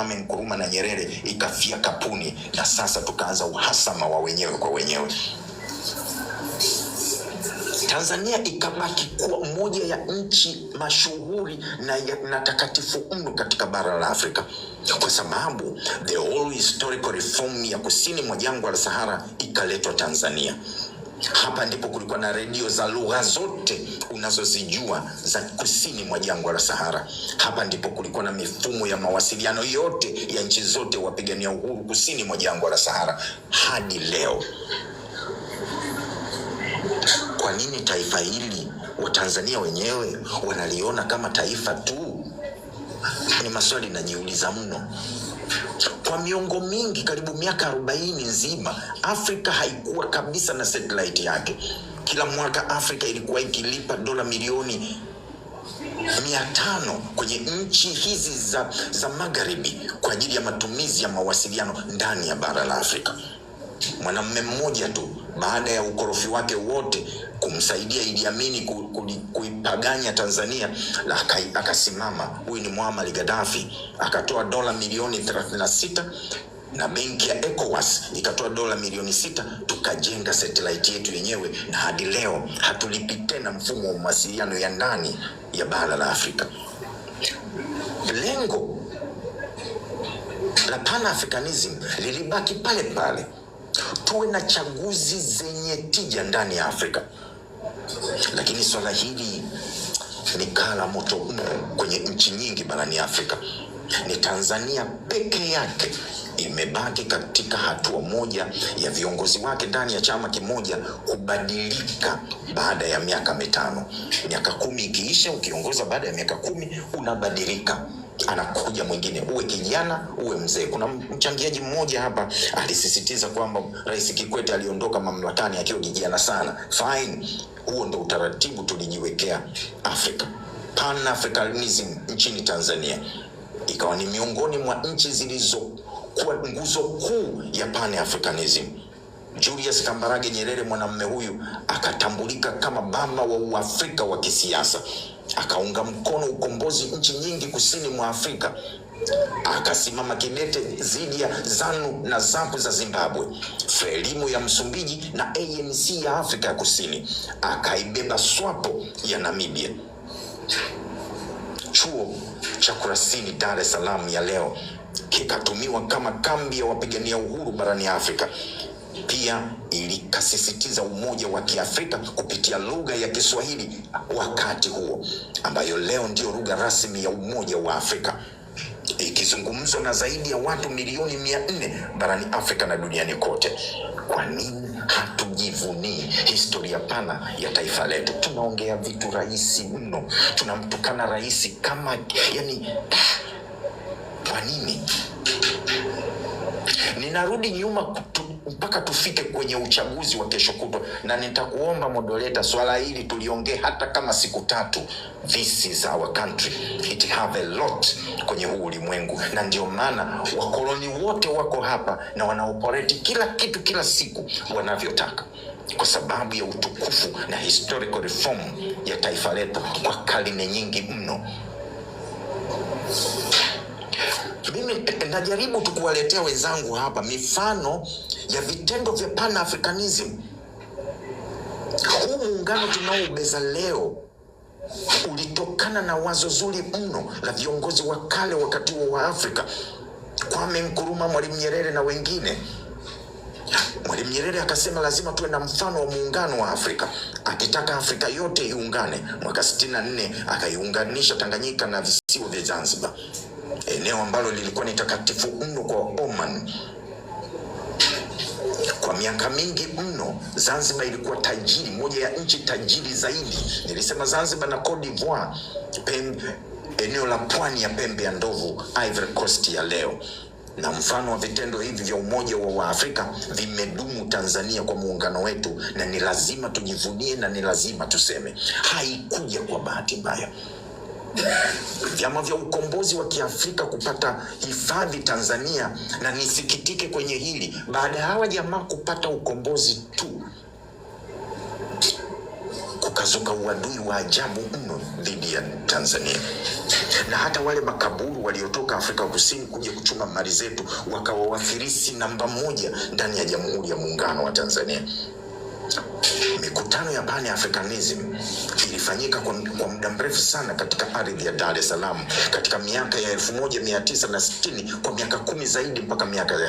Kwame Nkrumah na Nyerere ikafia kapuni, na sasa tukaanza uhasama wa wenyewe kwa wenyewe. Tanzania ikabaki kuwa moja ya nchi mashuhuri na, na takatifu mno katika bara la Afrika kwa sababu the whole historical reform ya kusini mwa jangwa la Sahara ikaletwa Tanzania. Hapa ndipo kulikuwa na redio za lugha zote unazozijua za kusini mwa jangwa la Sahara. Hapa ndipo kulikuwa na mifumo ya mawasiliano yote ya nchi zote wapigania uhuru kusini mwa jangwa la Sahara hadi leo. Kwa nini taifa hili Watanzania wenyewe wanaliona kama taifa tu? Ni maswali najiuliza mno. Kwa miongo mingi, karibu miaka 40 nzima, Afrika haikuwa kabisa na satellite yake. Kila mwaka Afrika ilikuwa ikilipa dola milioni mia tano kwenye nchi hizi za, za magharibi kwa ajili ya matumizi ya mawasiliano ndani ya bara la Afrika. Mwanamume mmoja tu baada ya ukorofi wake wote kumsaidia Idi Amin kuipaganya Tanzania, akasimama huyu ni Muammar Gaddafi, akatoa dola milioni 36 na benki ya ECOWAS ikatoa dola milioni sita tukajenga satellite yetu yenyewe, na hadi leo hatulipi tena mfumo wa mawasiliano ya ndani ya bara la Afrika. Lengo la Pan-Africanism lilibaki pale pale tuwe na chaguzi zenye tija ndani ya Afrika, lakini swala hili ni kala moto mno kwenye nchi nyingi barani Afrika. Ni Tanzania peke yake imebaki katika hatua moja ya viongozi wake ndani ya chama kimoja kubadilika baada ya miaka mitano. Miaka kumi ikiisha, ukiongoza baada ya miaka kumi unabadilika anakuja mwingine, uwe kijana uwe mzee. Kuna mchangiaji mmoja hapa alisisitiza kwamba Rais Kikwete aliondoka mamlakani akiwa kijana sana. Fine, huo ndo utaratibu tulijiwekea Afrika, Pan Africanism nchini Tanzania ikawa ni miongoni mwa nchi zilizokuwa nguzo kuu ya Pan Africanism. Julius Kambarage Nyerere, mwanamume huyu akatambulika kama baba wa Uafrika wa kisiasa akaunga mkono ukombozi nchi nyingi kusini mwa Afrika, akasimama kinete dhidi ya ZANU na ZAPU za Zimbabwe, Frelimu ya Msumbiji na ANC ya Afrika ya Kusini, akaibeba SWAPO ya Namibia. Chuo cha Kurasini Dar es Salaam ya leo kikatumiwa kama kambi ya wapigania uhuru barani Afrika pia ilikasisitiza umoja wa Kiafrika kupitia lugha ya Kiswahili wakati huo, ambayo leo ndio lugha rasmi ya Umoja wa Afrika ikizungumzwa na zaidi ya watu milioni mia nne barani Afrika na duniani kote. Kwa nini hatujivunii historia pana ya taifa letu? Tunaongea vitu rahisi mno, tunamtukana rahisi kama yani, ah, kwa nini? Ninarudi nyuma kutu, mpaka tufike kwenye uchaguzi wa kesho kutwa, na nitakuomba modoleta, swala hili tuliongee hata kama siku tatu. This is our country, it have a lot kwenye huu ulimwengu, na ndio maana wakoloni wote wako hapa na wanaoporeti kila kitu kila siku wanavyotaka kwa sababu ya utukufu na historical reform ya taifa letu kwa karne nyingi mno. Mimi najaribu tu kuwaletea wenzangu hapa mifano ya vitendo vya Pan-Africanism. Huu muungano tunaoubeza leo ulitokana na wazo zuri mno la viongozi wa kale wakati huo wa Afrika, Kwame mkuruma Mwalimu Nyerere na wengine. Mwalimu Nyerere akasema lazima tuwe na mfano wa muungano wa Afrika, akitaka Afrika yote iungane. Mwaka 64 akaiunganisha Tanganyika na visiwa vya Zanzibar eneo ambalo lilikuwa ni takatifu mno kwa Oman. Kwa miaka mingi mno, Zanzibar ilikuwa tajiri, moja ya nchi tajiri zaidi. Nilisema Zanzibar na Cote d'Ivoire, eneo la pwani ya pembe ya ndovu, Ivory Coast ya leo na mfano wa vitendo hivi vya umoja wa Waafrika vimedumu Tanzania kwa muungano wetu, na ni lazima tujivunie na ni lazima tuseme haikuja kwa bahati mbaya vyama vya ukombozi wa Kiafrika kupata hifadhi Tanzania, na nisikitike kwenye hili, baada ya hawa jamaa kupata ukombozi tu kukazuka uadui wa ajabu mno dhidi ya Tanzania, na hata wale makaburu waliotoka Afrika Kusini kuja kuchuma mali zetu wakawa wafirisi namba moja ndani ya Jamhuri ya Muungano wa Tanzania. Mikutano ya Pan Africanism ilifanyika kwa, kwa muda mrefu sana katika ardhi ya Dar es Salaam katika miaka ya 1960 kwa miaka kumi zaidi mpaka miaka ya